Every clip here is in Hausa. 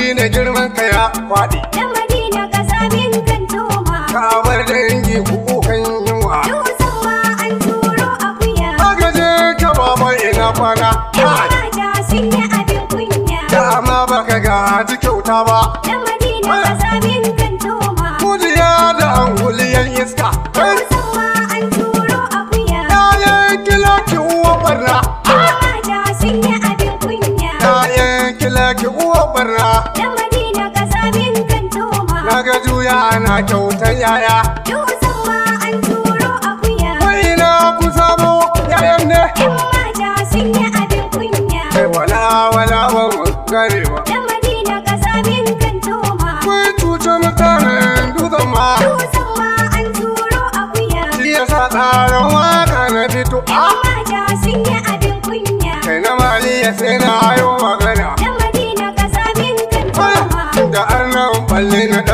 madina girman ka ya faɗi. Ya madina ka samin kan tuma. Ka bar dangi kan yunwa. Dutsen ma an turo akuya. gaje ka baba ina kwana. Yan mata sun yi abin kunya. Dama baka ga kyauta ba. juya na kyauta yaya. Yau sauwa an turo akuya. Wai na ku samo Yan sun yi abin kunya. Kai wala wala ba mu karewa. an turo akuya. Shi ya sa tsarin na Yan sun yi abin kunya. mali ya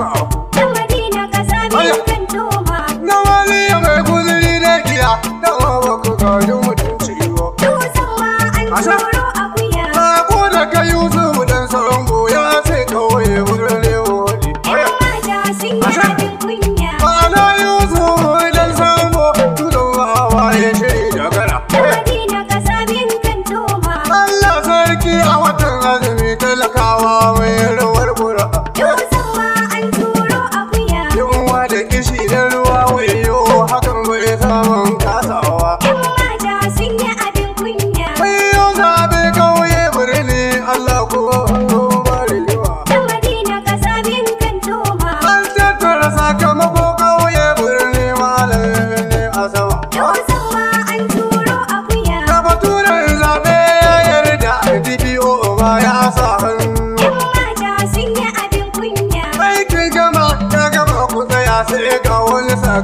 Oh.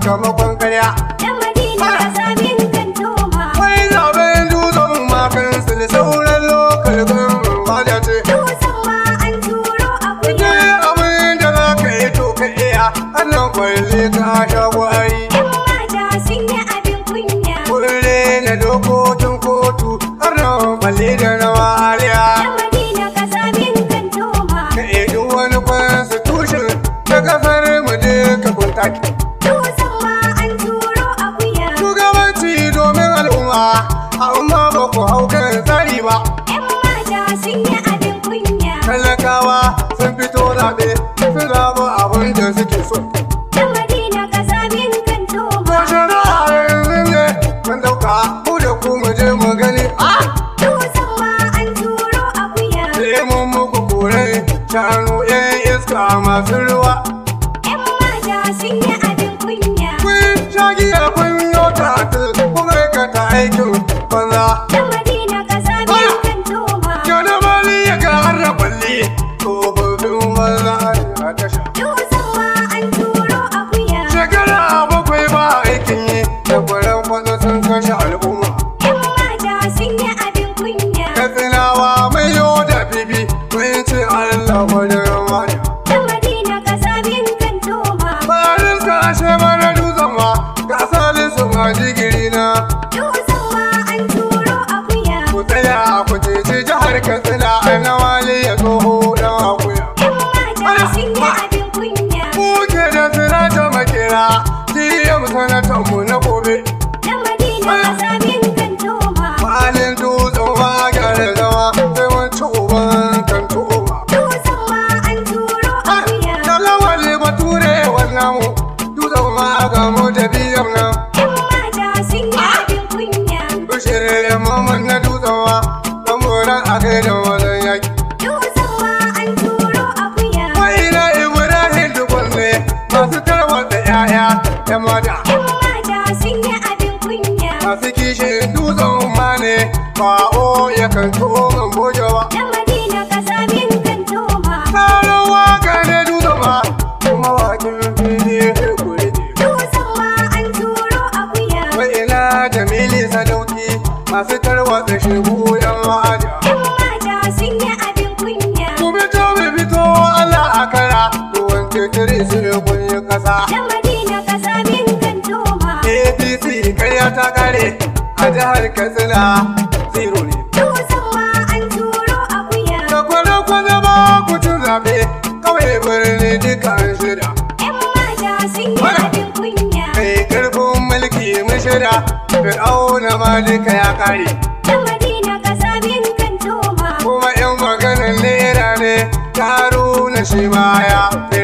sakamakon karya. Yan madina ka sami kan tuma. Wai zaben dutsen makan su ne sauran lokacin maja ce. Dutsen ma an turo a kuya. Dai abin da za ka yi to ka iya annan kwalli. bawo ya kan tuwon bujewa. Yan madina ka min kan tuwa. Tsarin waka ne duka ma, kuma wakin fili ne kuri ne. Dusan ma an turo akuya. Wa ina jamili sadauki masu tarwatsa shegu yan ma'aja. Yan mata sun yi abin kunya. Ku fito mu fito Allah a kara, ruwan titiri sai kun yi kasa. jihar katsina zero ne da kwanakwa zama kucin zaɓe kawai birni duka an shida kai karfin mulki shida shida fir'auna ma duka ya kare kuma yan maganin lera ne ta haruna shi ma ya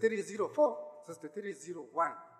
3304, 3301.